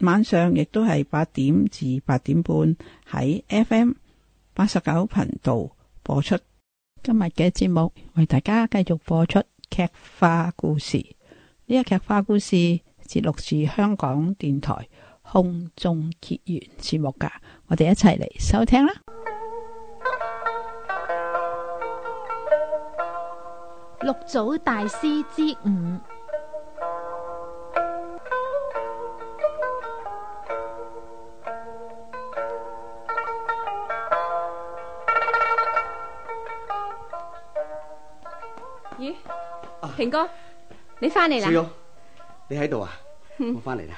晚上亦都係八點至八點半喺 FM 八十九頻道播出今日嘅節目，為大家繼續播出劇化故事。呢個劇化故事節錄是錄香港電台空中結緣節目噶，我哋一齊嚟收聽啦。六祖大師之五。平哥，你翻嚟啦！小勇，你喺度啊？我翻嚟啦。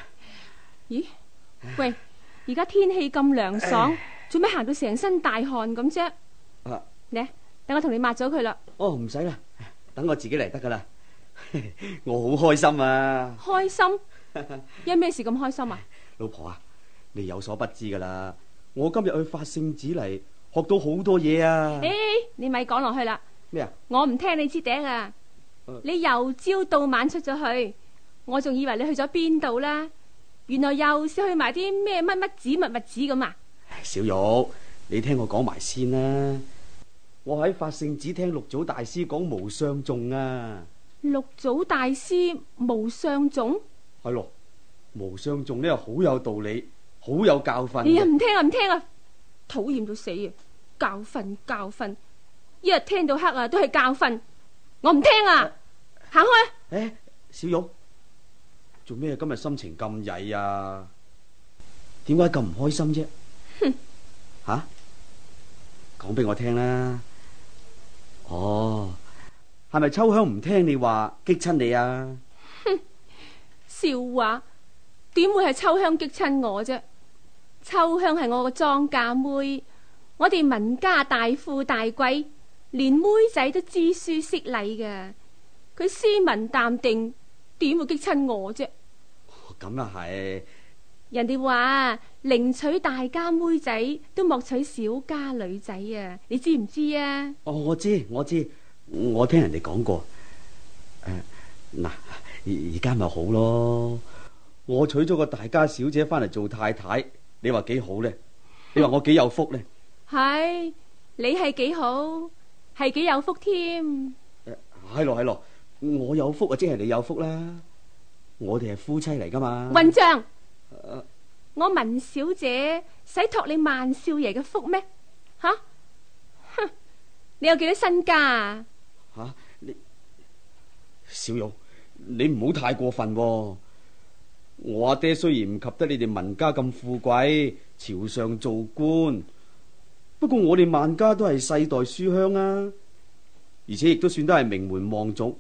咦？喂，而家天氣咁涼爽，做咩行到成身大汗咁啫？啊！嚟，等我同你抹咗佢啦。哦，唔使啦，等我自己嚟得噶啦。我好開心啊！開心？因咩事咁開心啊？老婆啊，你有所不知噶啦，我今日去發聖旨嚟，學到好多嘢啊！誒，你咪講落去啦。咩啊？我唔聽你支笛啊！你由朝到晚出咗去，我仲以為你去咗邊度啦？原來又是去埋啲咩乜乜子物物子咁啊！小玉，你聽我講埋先啦。我喺法性寺聽六祖大師講無相種啊。六祖大師無相種？係咯，無相種呢好有道理，好有教訓。哎呀，唔聽啊，唔聽啊！討厭到死啊！教訓教訓，一日聽到黑啊，都係教訓。我唔聽啊，行開！誒、欸，小玉，做咩今日心情咁曳啊？點解咁唔開心啫？哼、 啊，吓，講俾我聽啦。哦，係咪秋香唔聽你話激親你啊？哼，笑話，點會係秋香激親我啫？秋香係我個莊家妹，我哋文家大富大貴。連妹仔都知書識禮嘅，佢斯文淡定，點會激親我啫？咁啊係。人哋話啊，寧娶大家妹仔，都莫娶小家女仔啊！你知唔知啊？哦，我知我知，我聽人哋講過。誒、呃，嗱，而家咪好咯，我娶咗個大家小姐翻嚟做太太，你話幾好呢？你話我幾有福呢？係、哦，你係幾好。係幾有福添？誒、嗯，係咯係咯，我有福啊，即係你有福啦。我哋係夫妻嚟噶嘛？混帳！呃、我文小姐使托你萬少爺嘅福咩？吓、啊，哼，你有幾多身家？吓、啊，你小玉，你唔好太過分。我阿爹雖然唔及得你哋文家咁富貴，朝上做官。不過我哋萬家都係世代書香啊，而且亦都算得係名門望族，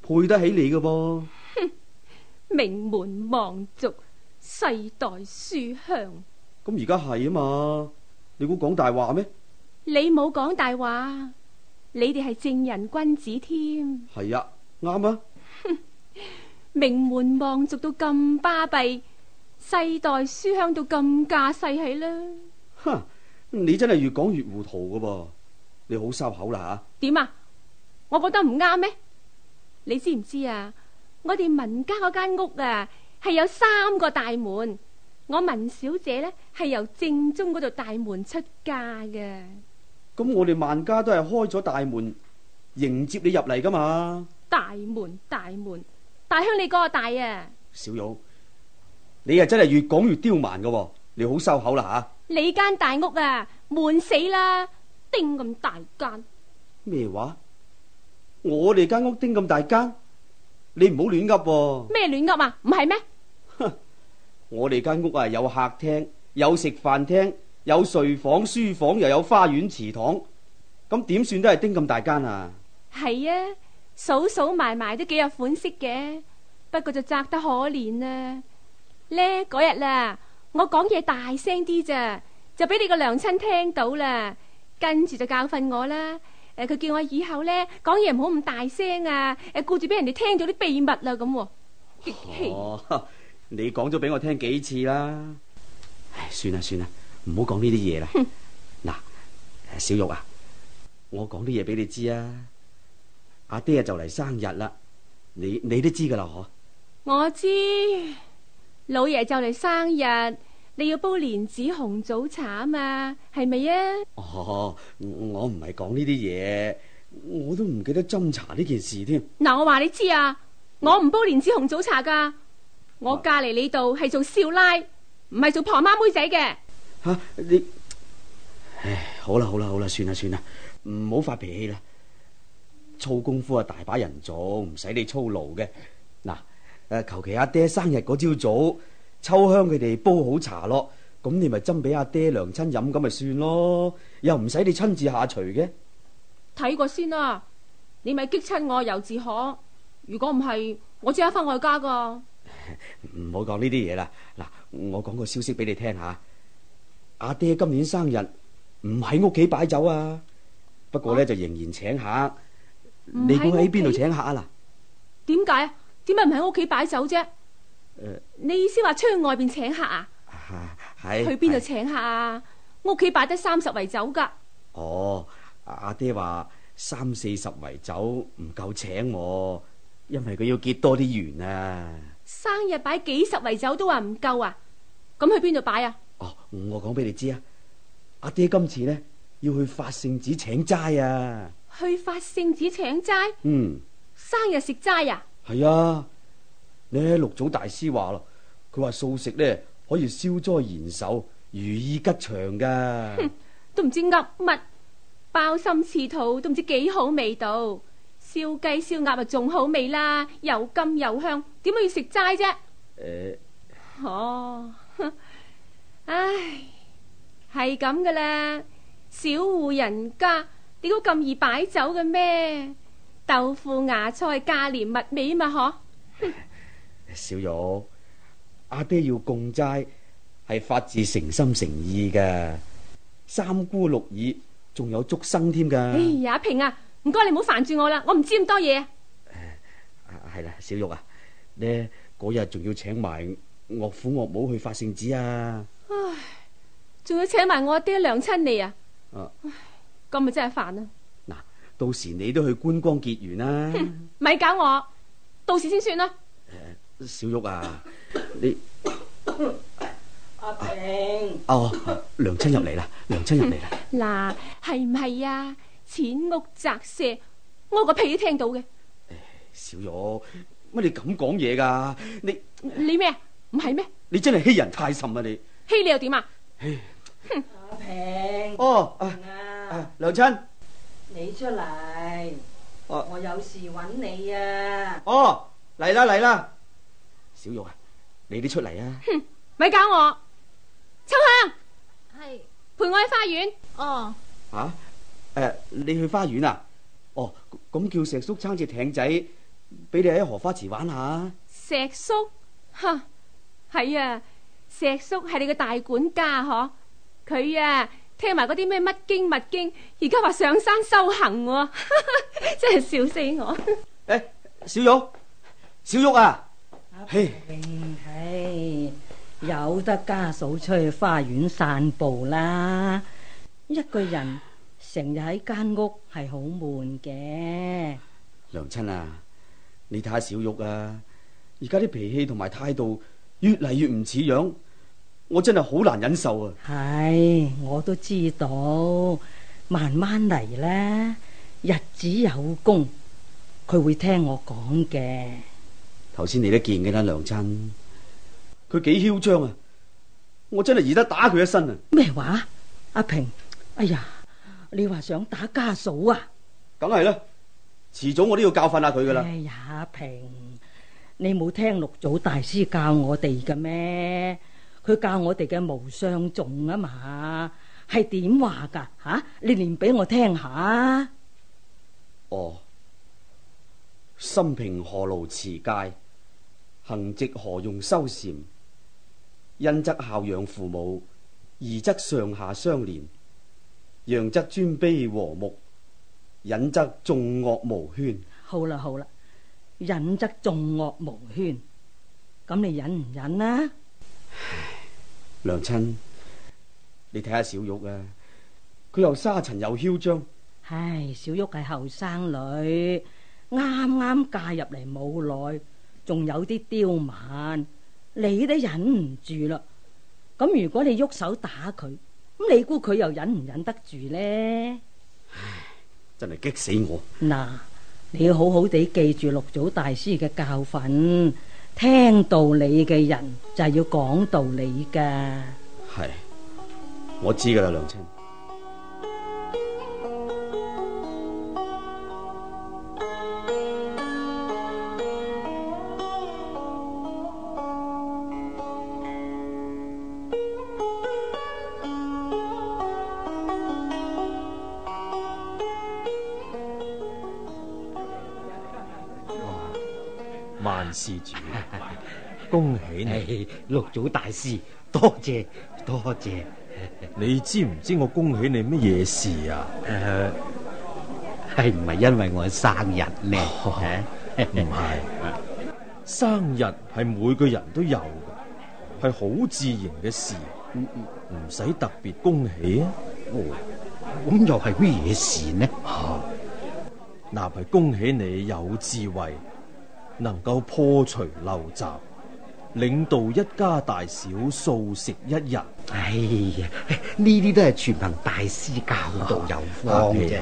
配得起你噶噃，啊。哼！ 名門望族，世代書香。咁而家係啊嘛？你估講大話咩？你冇講大話，你哋係正人君子添。係啊，啱啊。哼！ 名門望族到咁巴閉，世代書香到咁架勢起啦。哼！ 你真係越講越糊塗噶噃，你好收口啦吓？點啊？我覺得唔啱咩？你知唔知啊？我哋文家嗰間屋啊，係有三個大門，我文小姐呢，係由正中嗰度大門出嫁嘅。咁我哋萬家都係開咗大門迎接你入嚟噶嘛？大門，大門，大鄉你嗰個大啊！小玉，你啊真係越講越刁蠻噶。你好收口啦、啊、吓！你間大屋啊，悶死啦，叮咁大間咩話？我哋間屋叮咁大間，你唔好亂噏喎。咩亂噏啊？唔係咩？ 我哋間屋啊，有客廳，有食飯廳，有睡房、書房，又有花園、祠堂。咁點算都係叮咁大間啊？係啊，數數埋埋埋都幾有款式嘅，不過就窄得可憐啦、啊。咧嗰日啦。我講嘢大聲啲咋，就俾你個娘親聽到啦。跟住就教訓我啦。誒，佢叫我以後咧講嘢唔好咁大聲啊。誒，顧住俾人哋聽咗啲秘密啦咁。哦，你講咗俾我聽幾次啦？唉，算啦算啦，唔好講呢啲嘢啦。嗱， 小玉啊，我講啲嘢俾你知啊。阿爹啊，就嚟生日啦，你你都知噶啦嗬？我知。老爺就嚟生日，你要煲蓮子紅棗茶啊嘛，係咪啊？哦，我唔係講呢啲嘢，我都唔記得斟茶呢件事添。嗱，我話你知啊，我唔煲蓮子紅棗茶噶，我嫁嚟呢度係做少奶，唔係做婆媽妹仔嘅。吓、啊、你，唉，好啦好啦好啦，算啦算啦，唔好發脾氣啦，粗功夫啊大把人做，唔使你操勞嘅。誒，求其阿爹生日嗰朝早，秋香佢哋煲好茶咯，咁你咪斟俾阿爹娘親飲，咁咪算咯，又唔使你親自下廚嘅。睇過先啦，你咪激親我尤自可。如果唔係，我即刻翻外家噶。唔好講呢啲嘢啦。嗱，我講個消息俾你聽下：阿爹今年生日唔喺屋企擺酒啊，不過咧、啊、就仍然請客。你估喺邊度請客啊？嗱，點解？點解唔喺屋企擺酒啫？呃、你意思話出去外邊請客啊？係去邊度請客啊？屋企擺得三十圍酒噶。哦，阿爹話三四十圍酒唔夠請我，因為佢要結多啲緣啊。生日擺幾十圍酒都話唔夠啊？咁去邊度擺啊？哦，我講俾你知啊。阿爹今次呢，要去法聖寺請齋啊。去法聖寺請齋？嗯。生日食齋啊？係啊！呢六祖大師話咯，佢話素食呢可以消災延壽，如意吉祥嘅。都唔知噏乜，包心翅肚都唔知幾好味道。燒雞燒鴨啊，仲好味啦，又甘又香，點可以食齋啫？誒，哦，唉，係咁噶啦，小戶人家點都咁易擺酒嘅咩？豆腐芽菜價廉物美嘛，嗬！小玉，阿爹要供齋係發自誠心誠意噶，三姑六姨仲有竹生添噶。哎呀，阿平啊，唔該你唔好煩住我啦，我唔知咁多嘢。誒，係啦，小玉啊，呢嗰日仲要請埋岳父岳母去發聖旨啊！唉，仲要請埋我阿爹娘親嚟啊！嗯，唉，咁咪真係煩啊。到時你都去觀光結緣啦、啊。咪搞、嗯、我，到時先算啦。誒、呃，小玉啊， 你阿平哦，娘親入嚟啦，娘親入嚟啦。嗱、嗯，係唔係啊？淺屋窄舍，我個屁都聽到嘅。小玉，乜你咁講嘢噶？你你咩？唔係咩？你真係欺人太甚啊！你欺你又點唉啊？阿平哦， 啊啊、娘親。你出嚟，我有事搵你啊！哦，嚟啦嚟啦，小玉啊，你都出嚟啊！哼，咪搞我，秋香係是陪我去花園。哦，吓誒、啊呃，你去花園啊？哦，咁叫石叔撐隻艇仔，俾你喺荷花池玩下。石叔，吓、啊，係啊，石叔係你嘅大管家嗬，佢啊。聽埋嗰啲咩乜經乜經，而家話上山修行， 真係笑死我！誒、欸，小玉，小玉啊，阿婆婆嘿、哎，有得家嫂出去花園散步啦，一個人成日喺間屋係好悶嘅。娘親啊，你睇下小玉啊，而家啲脾氣同埋態度越嚟越唔似樣。我真係好難忍受啊！係我都知道，慢慢嚟啦，日子有功，佢會聽我講嘅。頭先你都見嘅啦，娘親，佢幾囂張啊！我真係而家打佢一身啊！咩話？阿平，哎呀，你話想打家嫂啊？梗係啦，遲早我都要教訓下佢噶啦。哎呀，阿平，你冇聽六祖大師教我哋嘅咩？佢教我哋嘅無相頌啊嘛，係點話噶吓？你念俾我聽下。哦，心平何勞持戒，行直何用修禪？恩則孝養父母，義則上下相連，讓則尊卑和睦，忍則眾惡無喧。好啦好啦，忍則眾惡無喧，咁你忍唔忍啊？娘親，你睇下小玉啊，佢又沙塵又囂張。唉，小玉係後生女，啱啱嫁入嚟冇耐，仲有啲刁蠻，你都忍唔住啦。咁如果你喐手打佢，咁你估佢又忍唔忍得住呢？唉，真係激死我！嗱，你要好好地記住六祖大師嘅教訓。聽道理嘅人就係、是、要講道理噶，係，我知噶啦，梁清。施主，恭喜你六祖大師，多謝多謝。你知唔知我恭喜你乜嘢事啊？誒、呃，係唔係因為我生日咧？唔係、哦， 生日係每個人都有，係好自然嘅事，唔使特別恭喜。欸、哦，咁又係乜嘢事呢？嗱、哦，係、呃、恭喜你有智慧。能夠破除陋習，領導一家大小素食一日。哎呀，呢啲都係全憑大師教導有方嘅。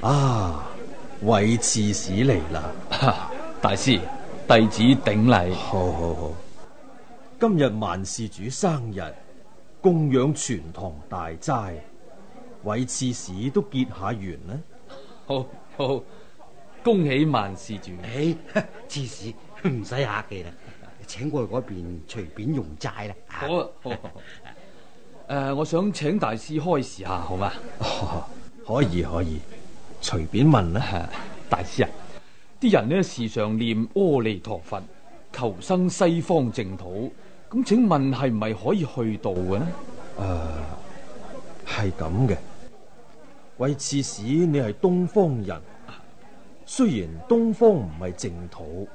啊，韋刺史嚟啦！啊，大師弟子頂禮。好好好，今日萬事主生日，供養全堂大齋，韋刺史都結下緣呢。好好。好恭喜萬事轉！哎，刺史唔使客氣啦，請過去嗰邊隨便用齋啦。好,好，誒、 呃，我想請大師開示下，好嘛、哦？可以可以，隨便問啦、呃，大師啊，啲人呢時常念阿彌陀佛，求生西方淨土，咁請問係唔係可以去到嘅呢？誒、呃，係咁嘅，喂，刺史，你係東方人。雖然東方唔係淨土，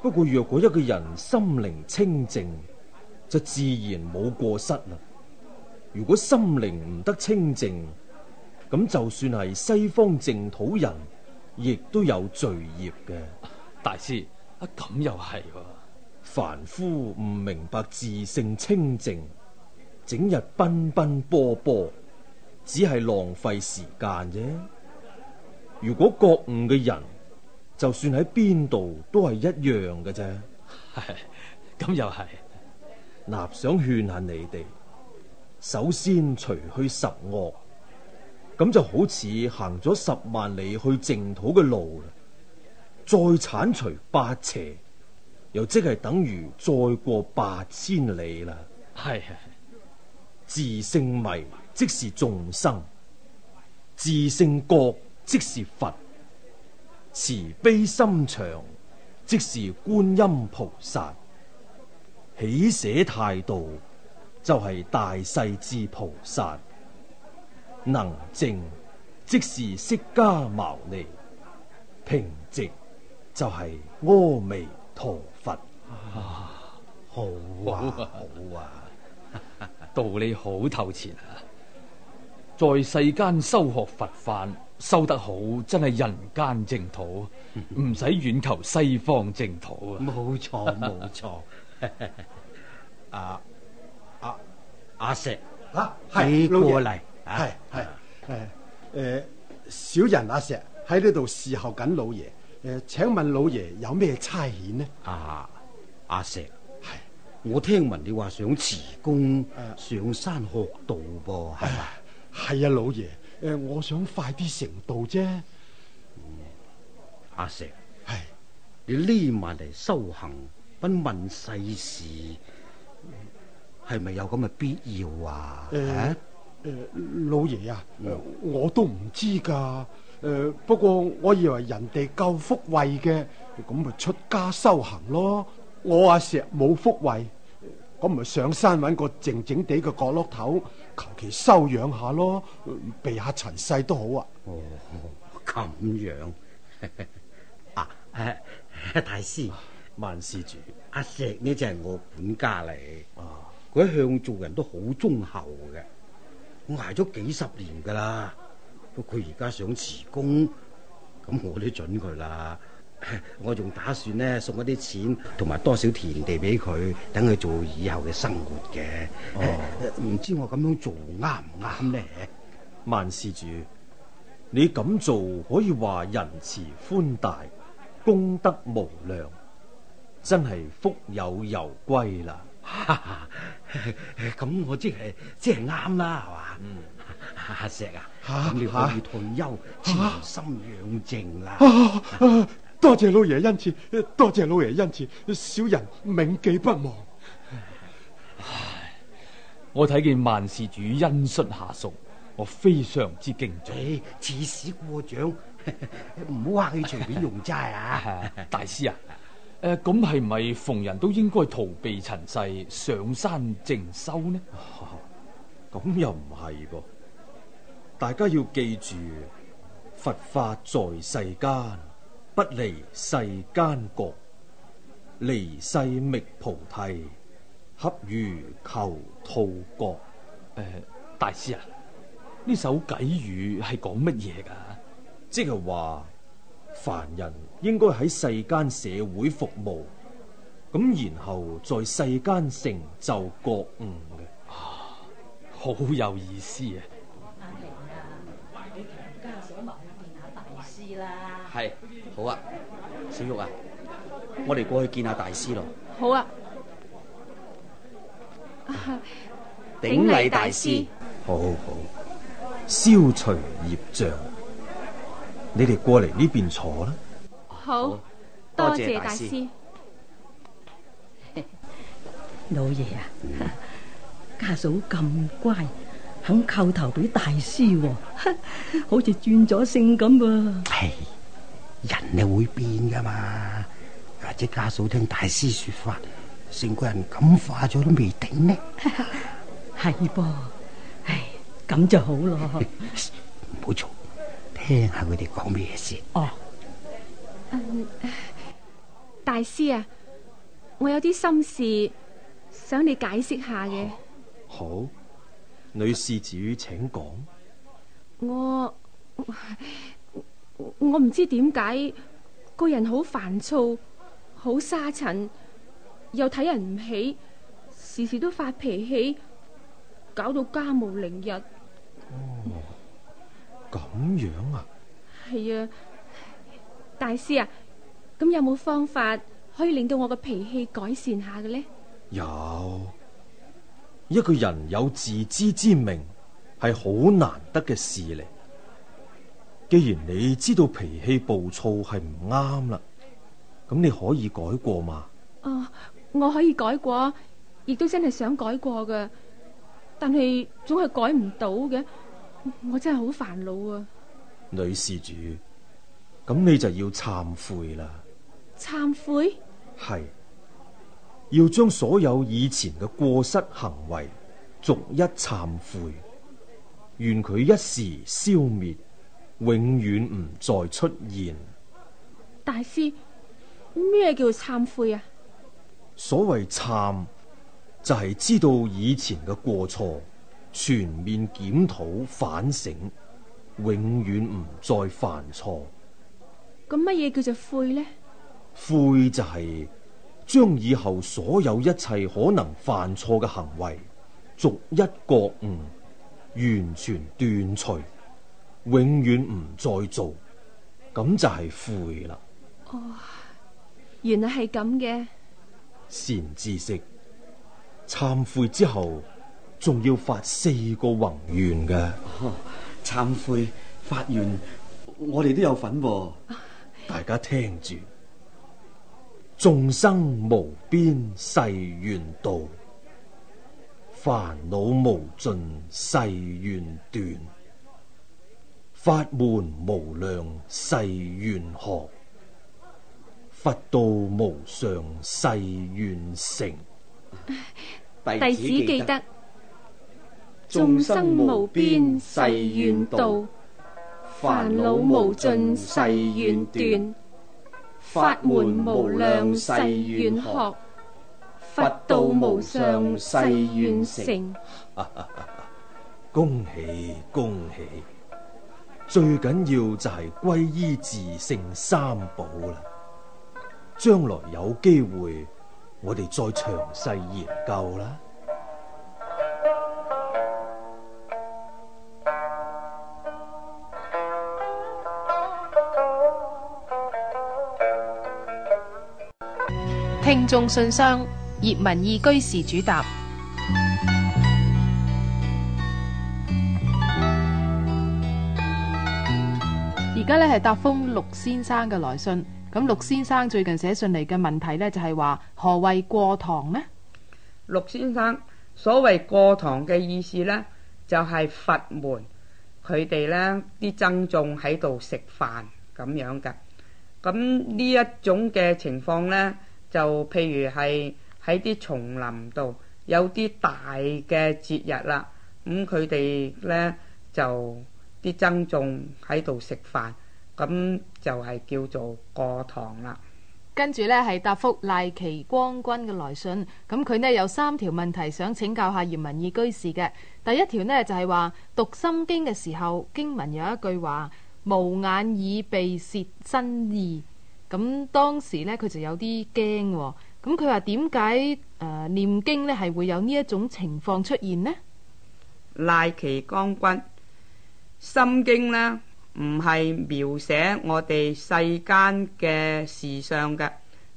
不過若果一個人心靈清靜，就自然冇過失啦。如果心靈唔得清靜，咁就算係西方淨土人，亦都有罪孽嘅。大師，啊咁又係？啊、凡夫唔明白自性清淨，整日奔奔波波，波，只係浪費時間啫。如果覺悟嘅人，就算喺邊度都係一樣嘅啫。咁又係，嗱，立想勸下你哋，首先除去十惡，咁就好似行咗十萬里去淨土嘅路啦。再剷除八邪，又即係等於再過八千里啦。係， 自性迷即是眾生，自性覺。即是佛慈悲心腸，即是觀音菩薩，喜捨態度就係、是、大勢至菩薩，能靜即是釋迦牟尼，平直就係阿彌陀佛。啊好啊，好啊， 道理好透前、啊，在世間修學佛法。修得好，真係人間淨土，唔使遠求西方淨土呵呵，冇錯啊！冇錯冇錯，阿阿、啊、阿石，啊、你過嚟，係係係誒，小人阿石喺呢度侍候緊老爺。誒，請問老爺有咩差遣呢？阿阿石，我聽聞你話想辭工上山學道噃，係嘛？係啊，老爺。誒，我想快啲成道啫，嗯。阿石，係是你匿埋嚟，修行，不問，問世事係咪有咁嘅必要啊？欸欸，老爺啊，嗯，我都唔知噶。誒、呃，不過我以為人哋夠福慧嘅，咁咪出家修行咯。我阿石冇福慧，咁咪上山搵個靜靜地嘅角落頭。求其修養下咯，避下塵世都好啊。哦，咁、哦、樣 啊，啊，啊，大師，萬、啊、事主，阿、啊、石呢就係我本家嚟。哦、啊，佢一向做人都好忠厚嘅，挨咗幾十年噶啦。不過佢而家想辭工，咁我都准佢啦、啊。我仲打算呢送一啲錢同埋多少田地俾佢，等佢做以後嘅生活嘅。啊唔知我咁樣做啱唔啱呢？萬事主，你咁做可以話仁慈寬大，功德無量，真係福有攸歸啦！咁 我即係即係啱啦，係、就、嘛、是？阿、嗯、石啊，咁、啊、你可以退休潛心養靜啦！多謝老爺恩賜，多謝老爺恩賜，小人銘記不忘。啊啊。我睇見萬事主恩恤下屬，我非常之敬重。似屎、哎、過獎，唔 好客氣，隨便用齋啊！ 大師啊，誒、啊，咁係咪逢人都應該逃避塵世，上山靜修呢？咁、哦、又唔係噃，大家要記住，佛法在世間，不離世間覺，離世覓菩提。恰如求兔國。誒、呃，大師啊，呢首偈語係講乜嘢噶？即係話凡人應該喺世間社會服務，咁然後在世間成就覺悟，啊，好有意思啊！阿、啊、平啊，你同家嫂去見下大師啦。係，好啊，小玉啊，我哋過去見下大師咯。好啊。頂禮大師，好好，好，消除業障，你哋過嚟呢邊坐啦。好，好，多謝大師。大師 老爺啊，嗯、家嫂咁乖，肯叩頭俾大師、啊， 好似轉咗性咁噃、啊。人係會變噶嘛，或者家嫂聽大師說法。成個人感化咗都未頂呢，係噃。唉，咁就好咯。唔好嘈，聽下佢哋講咩事。哦，大師啊，我有啲心事想你解釋下嘅。好，女施主請講。我我唔知點解個人好煩躁，好沙塵。又睇人唔起，時時都發脾氣，搞到家無寧日。哦，咁樣啊？係啊，大師啊，咁有冇方法可以令到我個脾氣改善下嘅呢？有，一個人有自知之明係好難得嘅事嚟。既然你知道脾氣暴躁係唔啱啦，咁你可以改過嘛？啊、哦。我可以改過，亦都真係想改過嘅，但係總係改唔到嘅，我真係好煩惱啊！女施主，咁你就要懺悔啦！懺悔？係，要將所有以前嘅過失行為逐一懺悔，願佢一時消滅，永遠唔再出現。大師，咩叫懺悔啊？所謂懺就係知道以前嘅過錯，全面檢討反省，永遠唔再犯錯。咁乜嘢叫做悔呢？悔就係將以後所有一切可能犯錯嘅行為逐一覺悟，完全斷除，永遠唔再做，咁就係悔啦。哦，原來係咁嘅。善知識，懺悔之後，仲要發四個宏願嘅。懺悔、哦、發願，我哋都有份、啊。大家聽住，眾生無邊誓願度，煩惱無盡誓願斷，法門無量誓願學。佛道無上誓願成，弟子記得。眾生無邊誓願度，煩惱無盡誓願斷，法門無量誓願學，佛道無上誓願成。恭喜恭喜，最緊要就係皈依自性三寶啦。將來有機會，我哋再詳細研究啦。聽眾信箱，葉文義居士主答。而家呢係答封陸先生嘅來信。咁陸先生最近寫信嚟嘅問題呢，就係話何謂過堂呢？陸先生所謂過堂嘅意思呢，就係佛門佢哋呢啲僧眾喺度食飯咁樣噶。咁呢一種嘅情況呢，就譬如係喺啲叢林度有啲大嘅節日啦，咁佢哋呢就啲僧眾喺度食飯。咁就係叫做過堂啦。跟住呢係答覆賴其光君嘅來信。咁佢呢有三條問題想請教下嚴文義居士嘅。第一條呢就係、是、話讀心經嘅時候，經文有一句話，無眼耳鼻舌身意。咁當時呢，佢就有啲驚、哦。咁佢話點解誒念經呢係會有呢一種情況出現呢？賴其光君，心經呢。.唔係描寫我哋世間嘅事相嘅，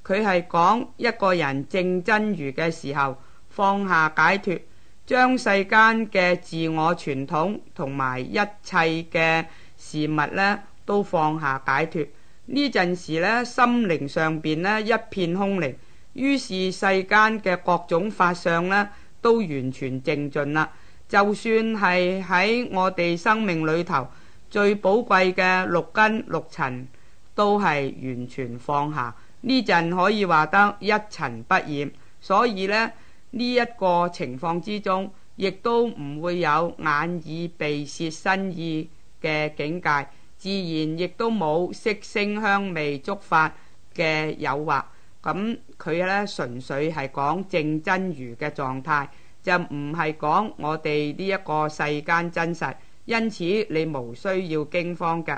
佢係講一個人正真如嘅時候放下解脱，將世間嘅自我傳統同埋一切嘅事物呢都放下解脱。呢陣時呢，心靈上邊呢一片空靈，於是世間嘅各種法相呢都完全正盡啦。就算係喺我哋生命裏頭。最寶貴嘅六根六塵都係完全放下，呢陣可以話得一塵不染。所以呢，呢一個情況之中，亦都唔會有眼耳鼻舌身意嘅境界，自然亦都冇色聲香味觸法嘅誘惑。咁佢呢純粹係講正真如嘅狀態，就唔係講我哋呢一個世間真實。因此你無需要驚慌噶。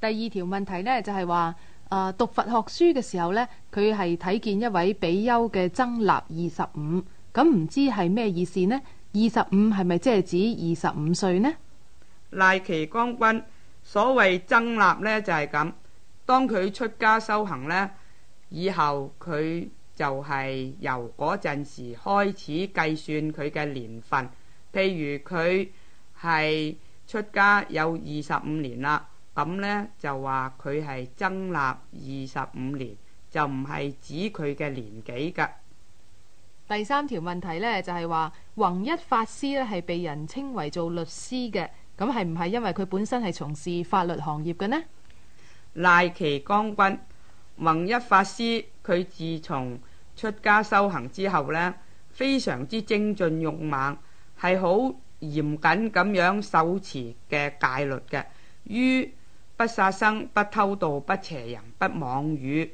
第二條問題呢，就係話，誒讀佛學書嘅時候呢，佢係睇見一位比丘嘅僧臘二十五，咁唔知係咩意思呢？二十五係咪即係指二十五歲呢？賴奇光君，所謂僧臘呢，就係咁，當佢出家修行呢，以後佢就係由嗰陣時開始計算佢嘅年份，譬如佢。係出家有二十五年啦，咁呢，就話佢係增立二十五年，就唔係指佢嘅年紀噶。第三條問題呢，就係、是、話，弘一法師呢係被人稱為做律師嘅，咁係唔係因為佢本身係從事法律行業嘅呢？賴奇光君，弘一法師佢自從出家修行之後呢，非常之精進勇猛，係好。嚴謹咁樣守持嘅戒律嘅，於不殺生、不偷盜、不邪淫、不妄語、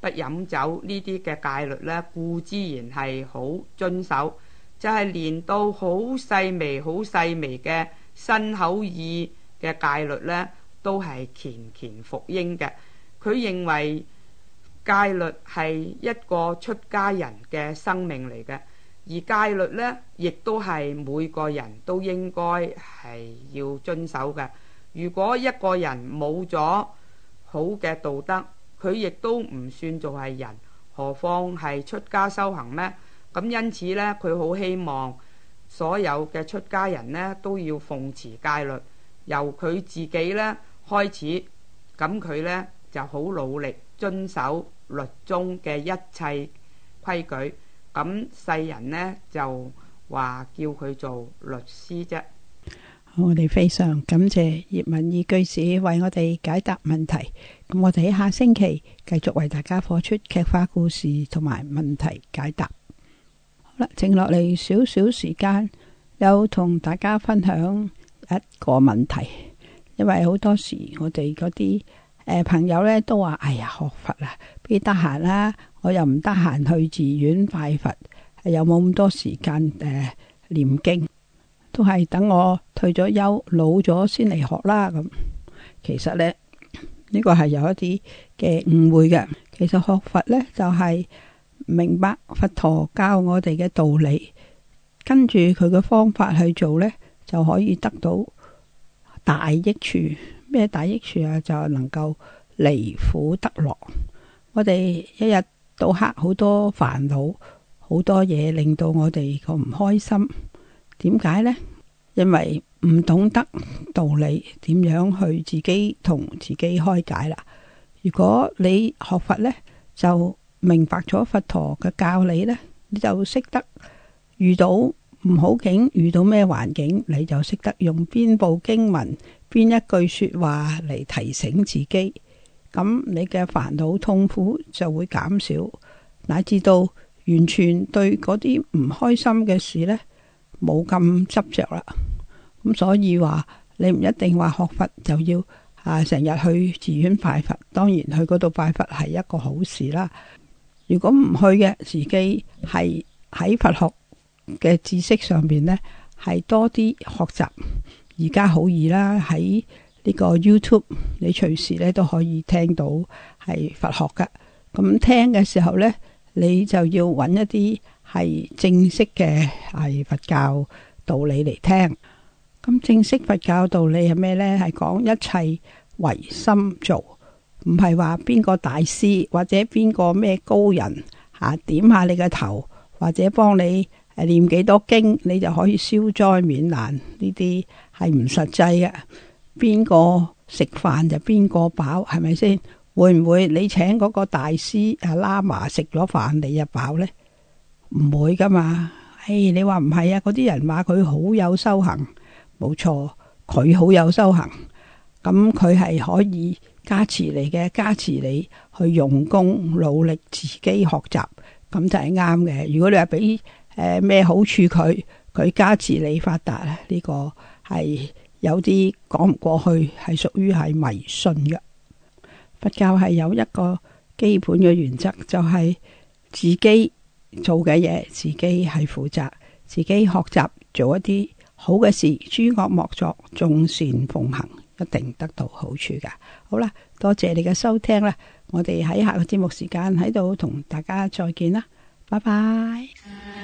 不飲酒呢啲嘅戒律呢，固之然係好遵守，就係、是、連到好細微、好細微嘅身口意嘅戒律呢，都係虔虔服膺嘅。佢認為戒律係一個出家人嘅生命嚟嘅。而戒律呢，亦都係每個人都應該係要遵守嘅。如果一個人冇咗好嘅道德，佢亦都唔算做係人，何況係出家修行咩？咁因此呢，佢好希望所有嘅出家人呢都要奉持戒律，由佢自己呢開始，咁佢呢就好努力遵守律中嘅一切規矩。咁、嗯、世人呢，就話叫佢做律師啫。我哋非常感謝葉文義居士為我哋解答問題。咁我哋喺下星期繼續為大家播出劇化故事同埋問題解答。好啦，剩落嚟少少時間，又同大家分享一個問題。因為好多時我哋嗰啲誒朋友呢，都話：哎呀，學佛啊，邊得閒啦？我又唔得閒去寺院拜佛，有冇咁多時間誒念經，都係等我退咗休老咗先嚟學啦。咁其實呢呢個係有一啲嘅誤會嘅。其實學佛呢就係明白佛陀教我哋嘅道理，跟住佢嘅方法去做呢，就可以得到大益處。咩大益處啊？就係能夠離苦得樂。我哋一日。到黑好多煩惱，好多嘢，令到我哋咁唔開心。點解呢？因為唔懂得道理，點樣去自己同自己開解啦。如果你學佛呢，就明白咗佛陀嘅教理呢，你就識得遇到唔好景，遇到咩環境，你就識得用邊部經文、邊一句說話嚟，提醒自己。咁你嘅煩惱痛苦就會減少，乃至到完全對嗰啲唔開心嘅事呢冇咁執着啦。咁所以話你唔一定話學佛就要啊成日去寺院拜佛，當然去嗰度拜佛係一個好事啦。如果唔去嘅，自己係喺佛學嘅知識上面呢，係多啲學習。而家好易啦，喺。呢個 YouTube，你隨時咧都可以聽到係佛學㗎。咁聽嘅時候呢，你就要揾一啲係正式嘅係佛教道理嚟聽。咁正式佛教道理係咩呢？係講一切唯心造，唔係話邊個大師或者邊個咩高人嚇、啊、點下你個頭，或者幫你念唸幾多經，你就可以消災免難。呢啲係唔實際嘅。邊個食飯就邊個飽，係咪先？會唔會你請嗰個大師啊喇嘛食咗飯，你就飽呢？唔會噶嘛？誒、哎，你話唔係啊？嗰啲人話佢好有修行，冇錯，佢好有修行。咁佢係可以加持你嘅，加持你去用功努力自己學習，咁就係啱嘅。如果你話俾咩好處佢，佢加持你發達咧，呢、這個係。有啲講唔過去，係屬於係迷信嘅。佛教係有一個基本嘅原則，就係自己做嘅嘢，自己係負責，自己學習做一啲好嘅事，諸惡莫作，眾善奉行，一定得到好處嘅。好啦，多謝你嘅收聽啦，我哋喺下個節目時間喺度同大家再見啦，拜拜。